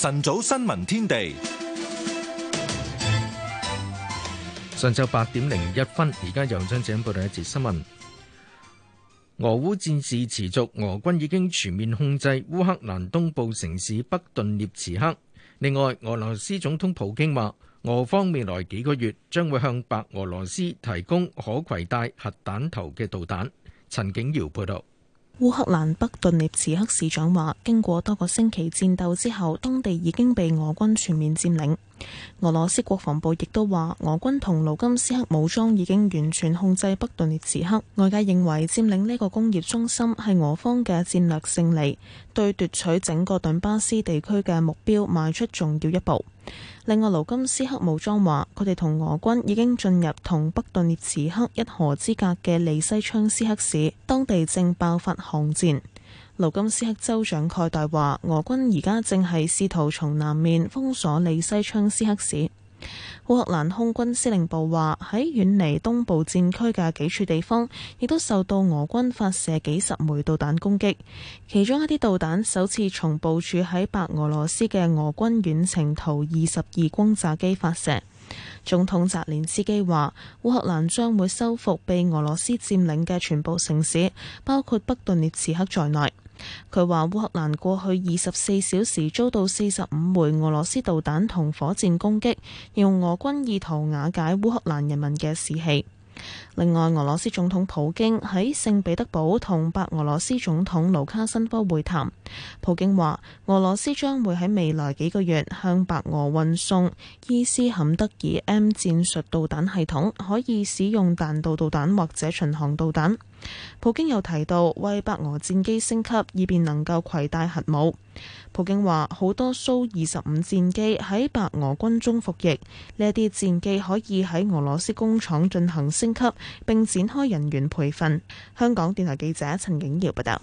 晨早新聞天地，上晝八點零一分，而家由張景報道一節新聞。俄烏戰事持續，俄軍已經全面控制烏克蘭東部城市北頓涅茨克。另外，俄羅斯總統普京話，俄方未來幾個月將會向白俄羅斯提供可攜帶核彈頭嘅導彈。陳景瑤報道。烏克蘭北頓涅茨克市長話，經過多個星期戰鬥之後，當地已經被俄軍全面佔領。俄羅斯國防部亦都話，俄軍同盧甘斯克武裝已經完全控制北頓涅茨克。外界認為佔領呢個工業中心係俄方嘅戰略勝利，對奪取整個頓巴斯地區嘅目標邁出重要一步。另外，盧甘斯克武裝話，佢哋同俄軍已經進入同北頓涅茨克一河之隔嘅利西昌斯克市，當地正爆發巷戰。盧金斯克州長蓋代話：俄軍而家正係試圖從南面封鎖利西昌斯克市。烏克蘭空軍司令部話，喺遠離東部戰區嘅幾處地方，亦都受到俄軍發射幾十枚導彈攻擊。其中一啲導彈首次從部署喺白俄羅斯嘅俄軍遠程圖二十二轟炸機發射。總統澤連斯基話，烏克蘭將會收復被俄羅斯佔領嘅全部城市，包括北頓涅茨克在內。佢話烏克蘭過去二十四小時遭到四十五枚俄羅斯導彈同火箭攻擊，用俄軍意圖瓦解烏克蘭人民嘅士氣。另外，俄羅斯總統普京喺聖彼得堡同白俄羅斯總統盧卡申科會談。普京話俄羅斯將會喺未來幾個月向白俄運送伊斯坎德爾 M 戰術導彈系統，可以使用彈道導彈或者巡航導彈。普京又提到，為白俄戰機升級，以便能夠攜帶核武。普京話，好多蘇二十五戰機喺白俄軍中服役，呢一啲戰機可以喺俄羅斯工廠進行升級，並展開人員培訓。香港電台記者陳景瑤報道。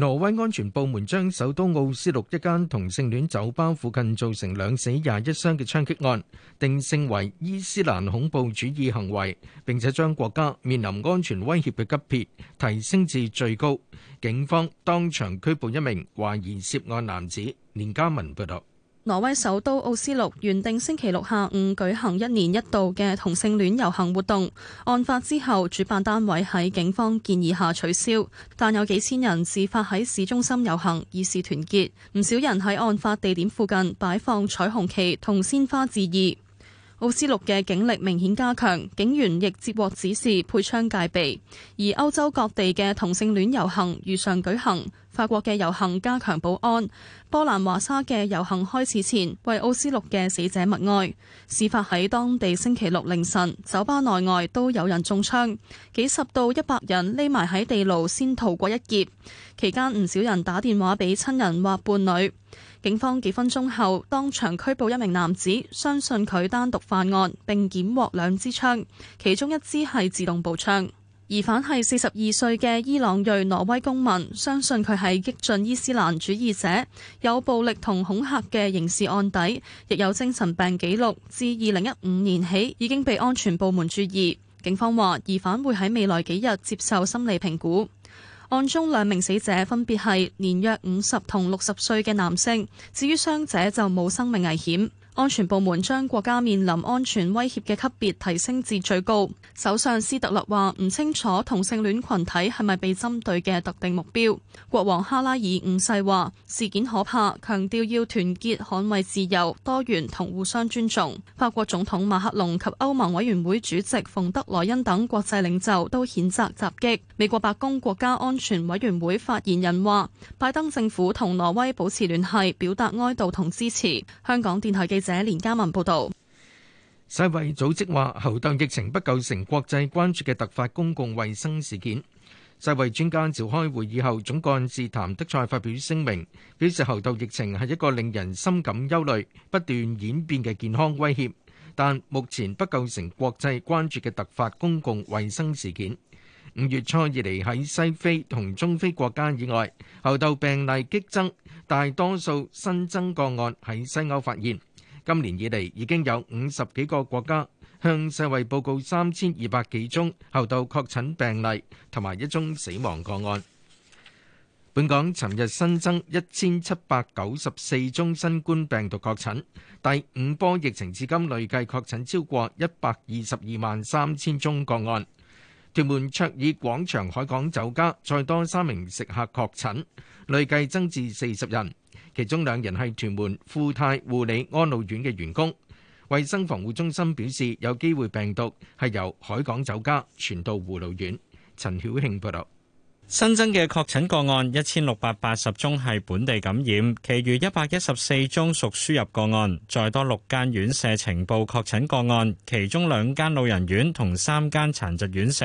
挪威安全部門將首都奧斯陸一間同性戀酒吧附近造成兩死廿一傷嘅槍擊案，定性為伊斯蘭恐怖主義行為，並且將國家面臨安全威脅嘅級別提升至最高。警方當場拘捕一名懷疑涉案男子。連家文報道。挪威首都奧斯陸原定星期六下午舉行一年一度嘅同性戀遊行活動，案發之後主辦單位喺警方建議下取消，但有幾千人自發喺市中心遊行，以示團結。唔少人喺案發地點附近擺放彩虹旗同鮮花致意。奧斯陸嘅警力明顯加強，警員亦接獲指示配槍戒備，而歐洲各地嘅同性戀遊行如常舉行。法國嘅遊行加強保安，波蘭華沙嘅遊行開始前，為奧斯陸嘅死者默哀。事發喺當地星期六凌晨，酒吧內外都有人中槍，幾十到一百人匿埋喺地牢先逃過一劫。期間唔少人打電話俾親人或伴侶。警方幾分鐘後當場拘捕一名男子，相信佢單獨犯案，並檢獲兩支槍，其中一支係自動步槍。疑犯係四十二歲嘅伊朗裔挪威公民，相信佢係激進伊斯蘭主義者，有暴力同恐嚇嘅刑事案底，亦有精神病記錄。自二零一五年起已經被安全部門注意。警方話疑犯會喺未來幾日接受心理評估。案中兩名死者分別係年約五十同六十歲嘅男性，至於傷者就冇生命危險。安全部門將國家面臨安全威脅嘅級別提升至最高。首相斯特勒話：唔清楚同性戀群體係咪被針對嘅特定目標。國王哈拉爾五世話：事件可怕，強調要團結、捍衞自由、多元同互相尊重。法國總統馬克龍及歐盟委員會主席馮德萊恩等國際領袖都譴責襲擊。美國白宮國家安全委員會發言人話：拜登政府同挪威保持聯繫，表達哀悼同支持。香港電台記者。社連家文報道，世衛組織話猴痘疫情不構成國際關注嘅突發公共衛生事件。世衛專家召開會議後，總幹事譚德塞發表聲明，表示猴痘疫情係一個令人深感憂慮、不斷演變嘅健康威脅，但目前不構成國際關注嘅突發公共衛生事件。五月初以嚟喺西非同中非國家以外，猴痘病例激增，大多數新增個案喺西歐發現。今年以嚟已經有五十幾個國家向世衛報告三千二百幾宗猴痘確診病例，同埋一宗死亡個案。本港尋日新增一千七百九十四宗新冠病毒確診，第五波疫情至今累計確診超過一百二十二萬三千宗個案。屯門卓爾廣場海港酒家再多三名食客確診，累計增至四十人。其中兩人係屯門富泰護理安老院嘅員工。衛生防護中心表示，有機會病毒係由海港酒家傳到護老院。陳曉慶報導，新增嘅確診個案一千六百八十宗係本地感染，其餘一百一十四宗屬輸入個案。再多六間院舍呈報確診個案，其中兩間老人院同三間殘疾院舍，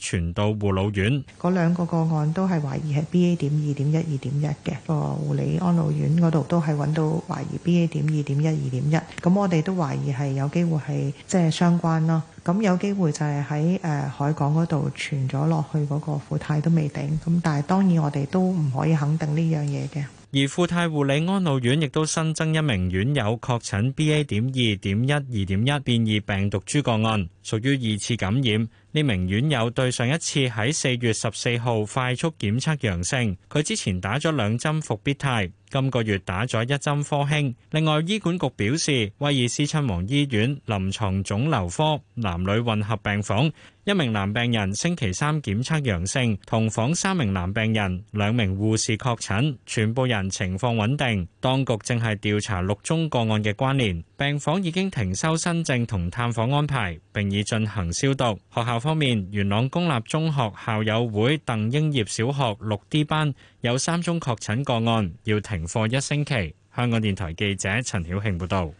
傳到護老院，嗰兩個個案都係懷疑係 BA. 點二點一、二點一嘅，個護理安老院嗰度都係揾到懷疑 BA. 點二點一、二點一，咁我哋都懷疑係有機會係即係相關咯。咁有機會就係喺誒海港嗰度傳咗落去嗰個富泰都未定，咁但係當然我哋都唔可以肯定呢樣嘢嘅。而富泰護理安老院亦都新增一名院友確診 BA. 點二點一、二點一變異病毒株個案。屬於二次感染。呢名院友對上一次喺四月十四號快速檢測陽性，佢之前打咗兩針復必泰，今個月打咗一針科興。另外，醫管局表示，威爾斯親王醫院臨床腫瘤科男女混合病房一名男病人星期三檢測陽性，同房三名男病人、兩名護士確診，全部人情況穩定。當局正係調查六宗個案嘅關聯，病房已經停收新症同探訪安排。並已進行消毒。學校方面，元朗公立中學校友會鄧英業小學六 D 班有三宗確診個案，要停課一星期。香港電台記者陳曉慶報導。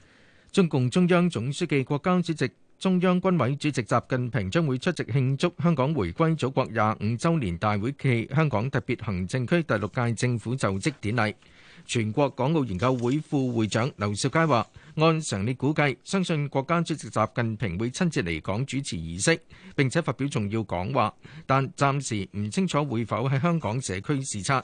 中共中央總書記、國家主席、中央軍委主席習近平將會出席慶祝香港回歸祖國廿五週年大會暨香港特別行政區第六屆政府就職典禮。全國港澳研究會副會長劉兆佳話：按常理估計，相信國家主席習近平會親自嚟港主持儀式，並且發表重要講話。但暫時唔清楚會否喺香港社區視察。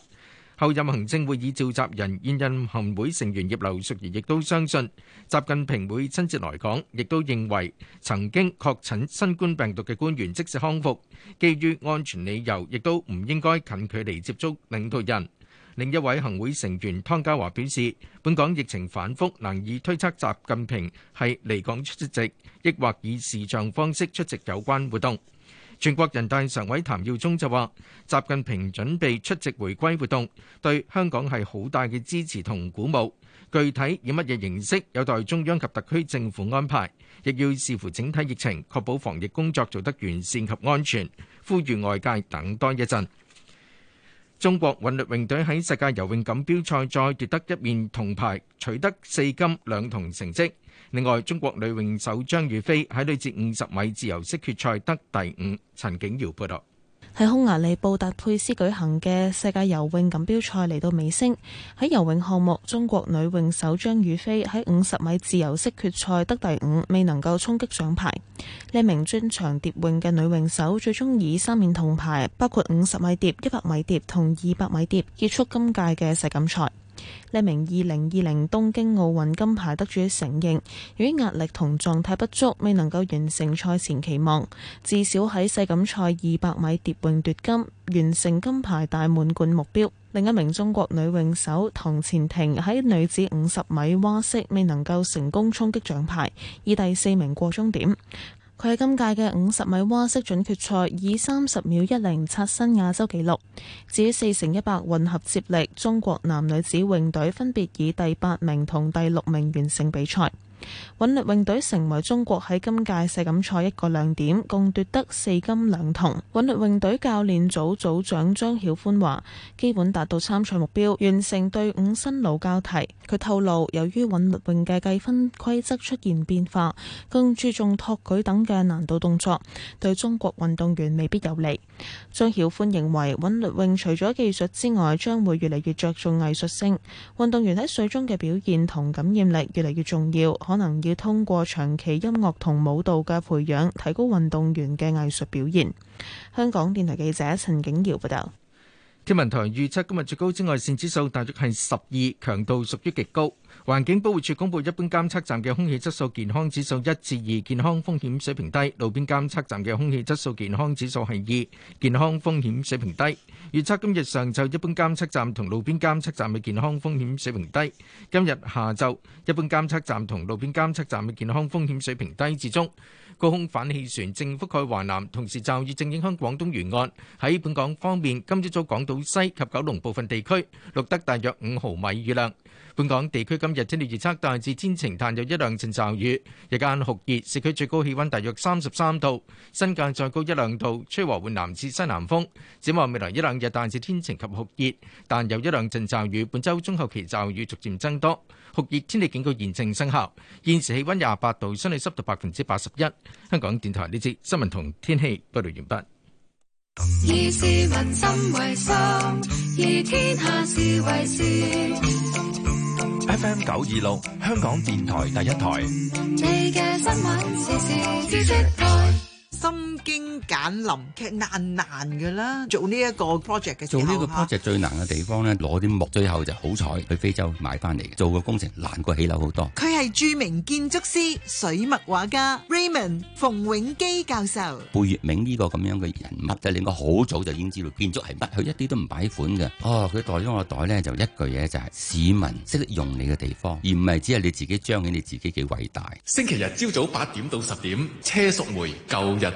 後任行政會議召集人，現任行會成員葉劉淑儀亦都相信習近平會親自來港，亦都認為曾經確診新冠病毒嘅官員即使康復，基於安全理由，亦都唔應該近距離接觸領導人。另一位行會成員湯家驊表示，本港疫情反覆，難以推測習近平係離港出席，亦或以視像方式出席有關活動。全國人大常委譚耀宗就話，習近平準備出席回歸活動，對香港係好大嘅支持同鼓舞。具體以乜嘢形式，有待中央及特區政府安排，亦要視乎整體疫情，確保防疫工作做得完善及安全。呼籲外界等多一陣。中國韻律泳隊喺世界游泳錦標賽再奪得一面銅牌，取得四金兩銅成績。另外，中國女泳手張雨霏喺女子五十米自由式決賽得第五。陳景瑤報道。喺匈牙利布達佩斯舉行嘅世界游泳錦標賽嚟到尾聲，喺游泳項目，中國女泳手張雨霏喺五十米自由式決賽得第五，未能夠衝擊獎牌。呢名專長蝶泳嘅女泳手最終以三面銅牌，包括五十米蝶、一百米蝶同二百米蝶結束今屆嘅世錦賽。呢名二零二零東京奧運金牌得主承認，由於壓力同狀態不足，未能夠完成賽前期望，至少喺世錦賽二百米蝶泳奪，奪金，完成金牌大滿貫目標。另一名中國女泳手唐前婷喺女子五十米蛙式未能夠成功衝擊獎牌，以第四名過終點。佢喺今屆嘅五十米蛙式準決賽以三十秒一零刷新亞洲紀錄。至於四乘一百混合接力，中國男女子泳隊分別以第八名同第六名完成比賽。韻律泳隊成為中國喺今屆世錦賽一個亮點，共奪得四金兩銅。韻律泳隊教練組組長張曉歡話，基本達到參賽目標，完成隊伍新老交替。佢透露，由於韻律泳嘅計分規則出現變化，更注重托舉等嘅難度動作，對中國運動員未必有利。張曉歡認為，韻律泳除咗技術之外，將會越嚟越着重藝術性，運動員喺水中嘅表現同感染力越嚟越重要。可能要通過長期音樂同舞蹈嘅培養，提高運動員嘅藝術表現。香港電台記者陳景堯報道。天文台預測今日最高紫外線指數大約係十二，強度屬於極高。環境保護署公布，一般監測站嘅空氣質素健康指數一至二，健康風險水平低；路邊監測站嘅空氣質素健康指數係二，健康風險水平低。預測今日上晝一般監測站同路邊監測站嘅健康風險水平低；今日下晝一般監測站同路邊監測站嘅健康風險水平低至中。高空反氣旋正覆蓋華南，同時驟雨正影響廣東沿岸。喺本港方面，今朝早港島西及九龍部分地區錄得大約五毫米雨量。本港地區今日天氣預測大致天晴，但有一兩陣驟雨。日間酷熱，市區最高氣溫大約三十三度，新界再高一兩度。吹和緩南至西南風。展望未來一兩日，大致天晴及酷熱，但有一兩陣驟雨。本周中後期驟雨逐漸增多。酷熱天氣警告現正生效。現時氣溫廿八度，相對濕度百分之八十一。香港電台呢節新聞同天氣報道完畢。以市民心為心，以天下事為事。FM 九二六，26，香港電台第一台。 心經簡林劇難難噶啦，做呢一個 project 嘅時候，做呢個 project 最難嘅地方咧，攞啲木，最後就好彩去非洲買翻嚟做個工程難過起樓好多。佢係著名建築師、水墨畫家 Raymond 馮永基教授貝聿銘呢個咁樣嘅人物咧，令我好早就已經知道建築係乜，佢一啲都唔擺款嘅。哦，佢袋咗我袋咧，就一句嘢就係、是、市民識得用你嘅地方，而唔係只係你自己將起你自己幾偉大。星期日朝早八點到十點，車淑梅舊日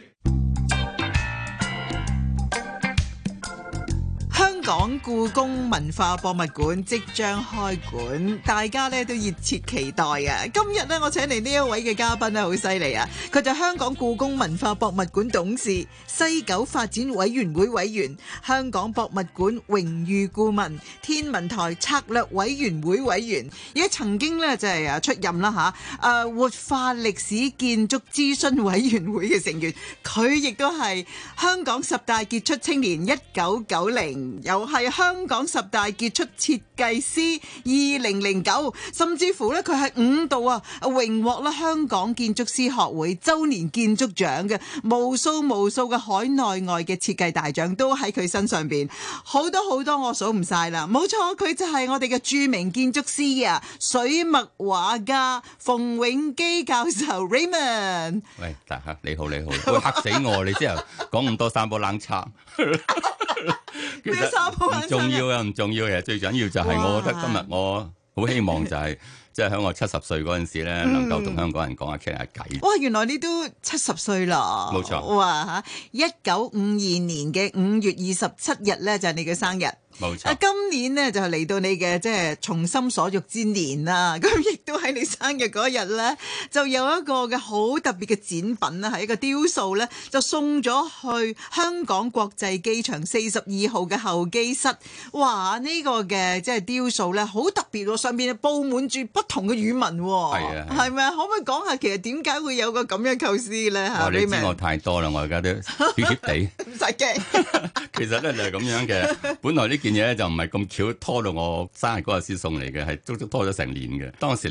香港故宮文化博物館即將開館，大家咧都熱切期待啊！今日咧，我請嚟呢一位嘅嘉賓咧，好犀利啊！佢就香港故宮文化博物館董事、西九發展委員會委員、香港博物館榮譽顧問、天文台策略委員會委員，而且曾經咧就係啊出任啦吓，誒活化歷史建築諮詢委員會嘅成員，佢亦都係香港十大傑出青年一九九零。又係香港十大傑出設計師二零零九，甚至乎咧佢係五度啊榮獲咧香港建築師學會周年建築獎嘅，無數無數嘅海內外嘅設計大獎都喺佢身上邊，好多好多我數唔晒啦。冇錯，佢就係我哋嘅著名建築師啊，水墨畫家馮永基教授 Raymond。喂，大家你好，你好，吓死我，你之後講咁多散播冷茶。 其實唔重要嘅，唔重要嘅，最緊要就係我覺得今日我好希望就係，即係喺我七十歲嗰陣時咧，能夠同香港人講下傾下偈。哇，原來你都七十歲啦，冇錯。哇吓，一九五二年嘅五月二十七日咧，就係、是、你嘅生日。冇錯啊！今年咧就係嚟到你嘅即係從心所欲之年啦，咁亦都喺你生日嗰日咧，就有一個嘅好特別嘅展品啦，係一個雕塑咧，就送咗去香港國際機場四十二號嘅候機室。哇！呢個嘅即係雕塑咧，好特別喎，上邊佈滿住不同嘅語文，係啊，係咪啊？可唔可以講下其實點解會有個咁樣構思咧？嚇哇，hey, 你知我太多啦， 我而家都地，唔使驚。 其實咧就係咁樣嘅，本來呢。件嘢咧就唔係咁巧，拖到我生日嗰日先送嚟嘅，係足足拖咗成年嘅。當時。